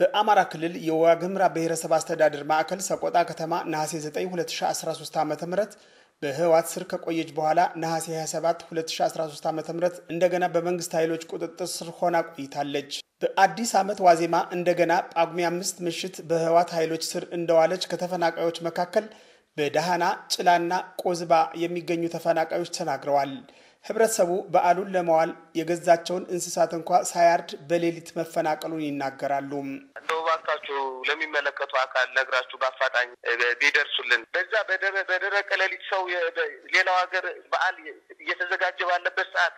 በአማራ ክልል የዋግምራ ብሔረሰብ አስተዳደር ማዕከል ሰቆጣ ከተማ ነሐሴ 9 2013 ዓ ም ስር ከቆየች በኋላ ነሐሴ 27 2013 ዓ ም እንደገና በመንግስት ኃይሎች ቁጥጥር ስር ሆና ቆይታለች። በአዲስ ዓመት ዋዜማ እንደገና ጳጉሜ አምስት ምሽት በህወት ኃይሎች ስር እንደዋለች ከተፈናቃዮች መካከል በደሃና ጭላና ቆዝባ የሚገኙ ተፈናቃዮች ተናግረዋል። ህብረተሰቡ በዓሉን ለመዋል የገዛቸውን እንስሳት እንኳ ሳያርድ በሌሊት መፈናቀሉን ይናገራሉ። እንደው እባካችሁ ለሚመለከቱ አካል ነግራችሁ በአፋጣኝ ቢደርሱልን። በዛ በደረቀ ሌሊት ሰው ሌላው ሀገር በዓል እየተዘጋጀ ባለበት ሰዓት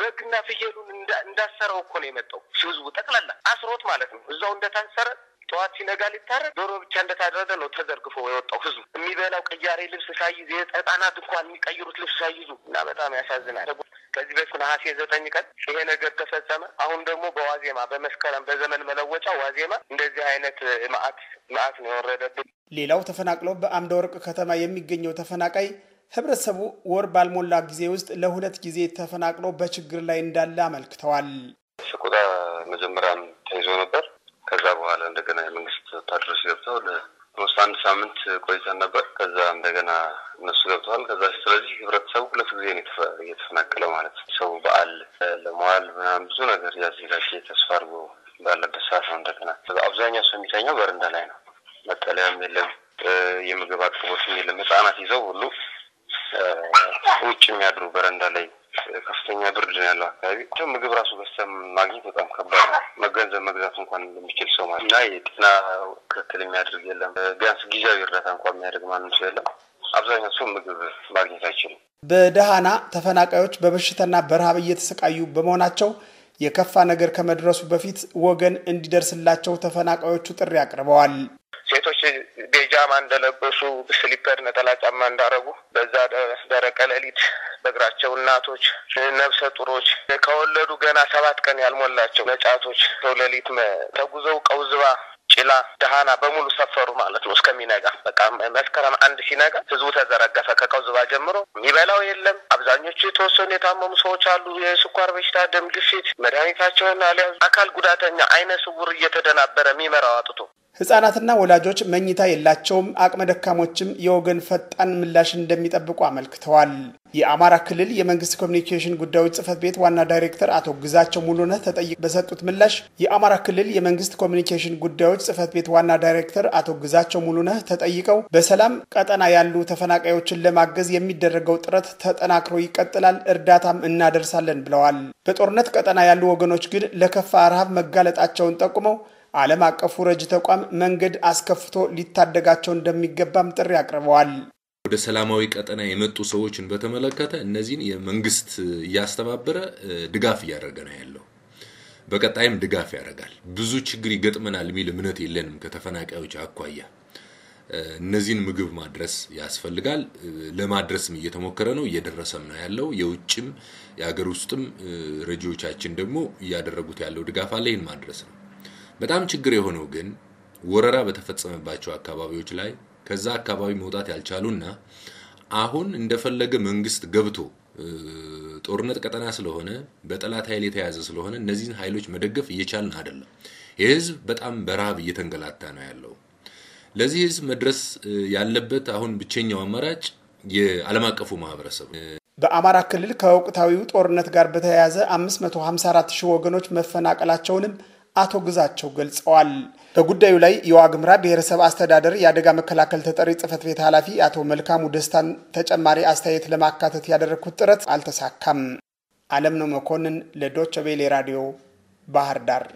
በግና ፍየሉን እንዳሰረው እኮ ነው የመጣው ህዝቡ ጠቅላላ አስሮት ማለት ነው። እዛው እንደታሰረ ጠዋት ሲነጋ ሊታረድ ዶሮ ብቻ እንደታረደ ነው ተዘርግፎ የወጣው ህዝቡ የሚበላው ቀያሬ ልብስ ሳይዝ የህጻናት እንኳን የሚቀይሩት ልብስ ሳይዙ እና በጣም ያሳዝናል። ከዚህ በፊት ነሐሴ ዘጠኝ ቀን ይሄ ነገር ተፈጸመ። አሁን ደግሞ በዋዜማ በመስከረም በዘመን መለወጫ ዋዜማ እንደዚህ አይነት ማአት ማአት ነው የወረደብን። ሌላው ተፈናቅሎ በአምደ ወርቅ ከተማ የሚገኘው ተፈናቃይ ህብረተሰቡ ወር ባልሞላ ጊዜ ውስጥ ለሁለት ጊዜ ተፈናቅሎ በችግር ላይ እንዳለ አመልክተዋል። ስቁጣ መጀመሪያም ተይዞ ነበር እንደገና የመንግስት ወታደሮች ገብተው ለሶስት አንድ ሳምንት ቆይተን ነበር። ከዛ እንደገና እነሱ ገብተዋል። ከዛ ስለዚህ ህብረተሰቡ ሁለት ጊዜ እየተፈናቀለ ማለት ነው። ሰው በዓል ለመዋል ምናምን ብዙ ነገር ያዘጋጀ ተስፋ አድርጎ ባለበት ሰዓት ነው እንደገና አብዛኛው ሰው የሚተኛው በረንዳ ላይ ነው። መጠለያም የለም፣ የምግብ አቅርቦትም የለም። ህጻናት ይዘው ሁሉ ውጭ የሚያድሩ በረንዳ ላይ ከፍተኛ ብርድ ነው ያለው አካባቢ። ምግብ ራሱ ገዝተን ማግኘት በጣም ከባድ ነው። ገንዘብ መግዛት እንኳን እንደሚችል ሰው ማለት እና የጤና ክትትል የሚያደርግ የለም። ቢያንስ ጊዜያዊ እርዳታ እንኳን የሚያደርግ ማንም ሰው የለም። አብዛኛው ሰው ምግብ ማግኘት አይችልም። በደሃና ተፈናቃዮች በበሽታና በረሃብ እየተሰቃዩ በመሆናቸው የከፋ ነገር ከመድረሱ በፊት ወገን እንዲደርስላቸው ተፈናቃዮቹ ጥሪ አቅርበዋል። ሴቶች ጃማ እንደለበሱ ስሊፐር ነጠላ ጫማ እንዳረጉ በዛ ደረቀ ሌሊት በእግራቸው እናቶች፣ ነብሰ ጡሮች፣ ከወለዱ ገና ሰባት ቀን ያልሞላቸው ነጫቶች ሰው ሌሊት ተጉዘው ቀውዝባ ጭላ ደሃና በሙሉ ሰፈሩ ማለት ነው። እስከሚነጋ በቃ መስከረም አንድ ሲነጋ ህዝቡ ተዘረገፈ ከቀውዝባ ጀምሮ የሚበላው የለም። አብዛኞቹ የተወሰኑ የታመሙ ሰዎች አሉ። የስኳር በሽታ፣ ደም ግፊት መድኃኒታቸውን አልያዙ። አካል ጉዳተኛ አይነ ስውር እየተደናበረ የሚመራው አጥቶ ህጻናትና ወላጆች መኝታ የላቸውም፣ አቅመ ደካሞችም የወገን ፈጣን ምላሽ እንደሚጠብቁ አመልክተዋል። የአማራ ክልል የመንግስት ኮሚኒኬሽን ጉዳዮች ጽህፈት ቤት ዋና ዳይሬክተር አቶ ግዛቸው ሙሉነህ ተጠይቅ በሰጡት ምላሽ የአማራ ክልል የመንግስት ኮሚኒኬሽን ጉዳዮች ጽህፈት ቤት ዋና ዳይሬክተር አቶ ግዛቸው ሙሉነህ ተጠይቀው በሰላም ቀጠና ያሉ ተፈናቃዮችን ለማገዝ የሚደረገው ጥረት ተጠናክሮ ይቀጥላል፣ እርዳታም እናደርሳለን ብለዋል። በጦርነት ቀጠና ያሉ ወገኖች ግን ለከፋ ረሃብ መጋለጣቸውን ጠቁመው ዓለም አቀፉ ረጅ ተቋም መንገድ አስከፍቶ ሊታደጋቸው እንደሚገባም ጥሪ አቅርበዋል። ወደ ሰላማዊ ቀጠና የመጡ ሰዎችን በተመለከተ እነዚህን የመንግስት እያስተባበረ ድጋፍ እያደረገ ነው ያለው። በቀጣይም ድጋፍ ያደርጋል። ብዙ ችግር ይገጥመናል የሚል እምነት የለንም። ከተፈናቃዮች አኳያ እነዚህን ምግብ ማድረስ ያስፈልጋል። ለማድረስም እየተሞከረ ነው፣ እየደረሰም ነው ያለው። የውጭም የሀገር ውስጥም ረጂዎቻችን ደግሞ እያደረጉት ያለው ድጋፍ አለ። ይህን ማድረስ ነው። በጣም ችግር የሆነው ግን ወረራ በተፈጸመባቸው አካባቢዎች ላይ ከዛ አካባቢ መውጣት ያልቻሉና አሁን እንደፈለገ መንግስት ገብቶ ጦርነት ቀጠና ስለሆነ በጠላት ኃይል የተያዘ ስለሆነ እነዚህን ኃይሎች መደገፍ እየቻልን አይደለም። የህዝብ በጣም በረሃብ እየተንገላታ ነው ያለው። ለዚህ ህዝብ መድረስ ያለበት አሁን ብቸኛው አማራጭ የዓለም አቀፉ ማህበረሰብ በአማራ ክልል ከወቅታዊው ጦርነት ጋር በተያያዘ 554 ሺህ ወገኖች መፈናቀላቸውንም አቶ ግዛቸው ገልጸዋል። በጉዳዩ ላይ የዋግምራ ብሔረሰብ አስተዳደር የአደጋ መከላከል ተጠሪ ጽህፈት ቤት ኃላፊ አቶ መልካሙ ደስታን ተጨማሪ አስተያየት ለማካተት ያደረግኩት ጥረት አልተሳካም። አለም ነው መኮንን ለዶቸ ቤሌ ራዲዮ ባህር ዳር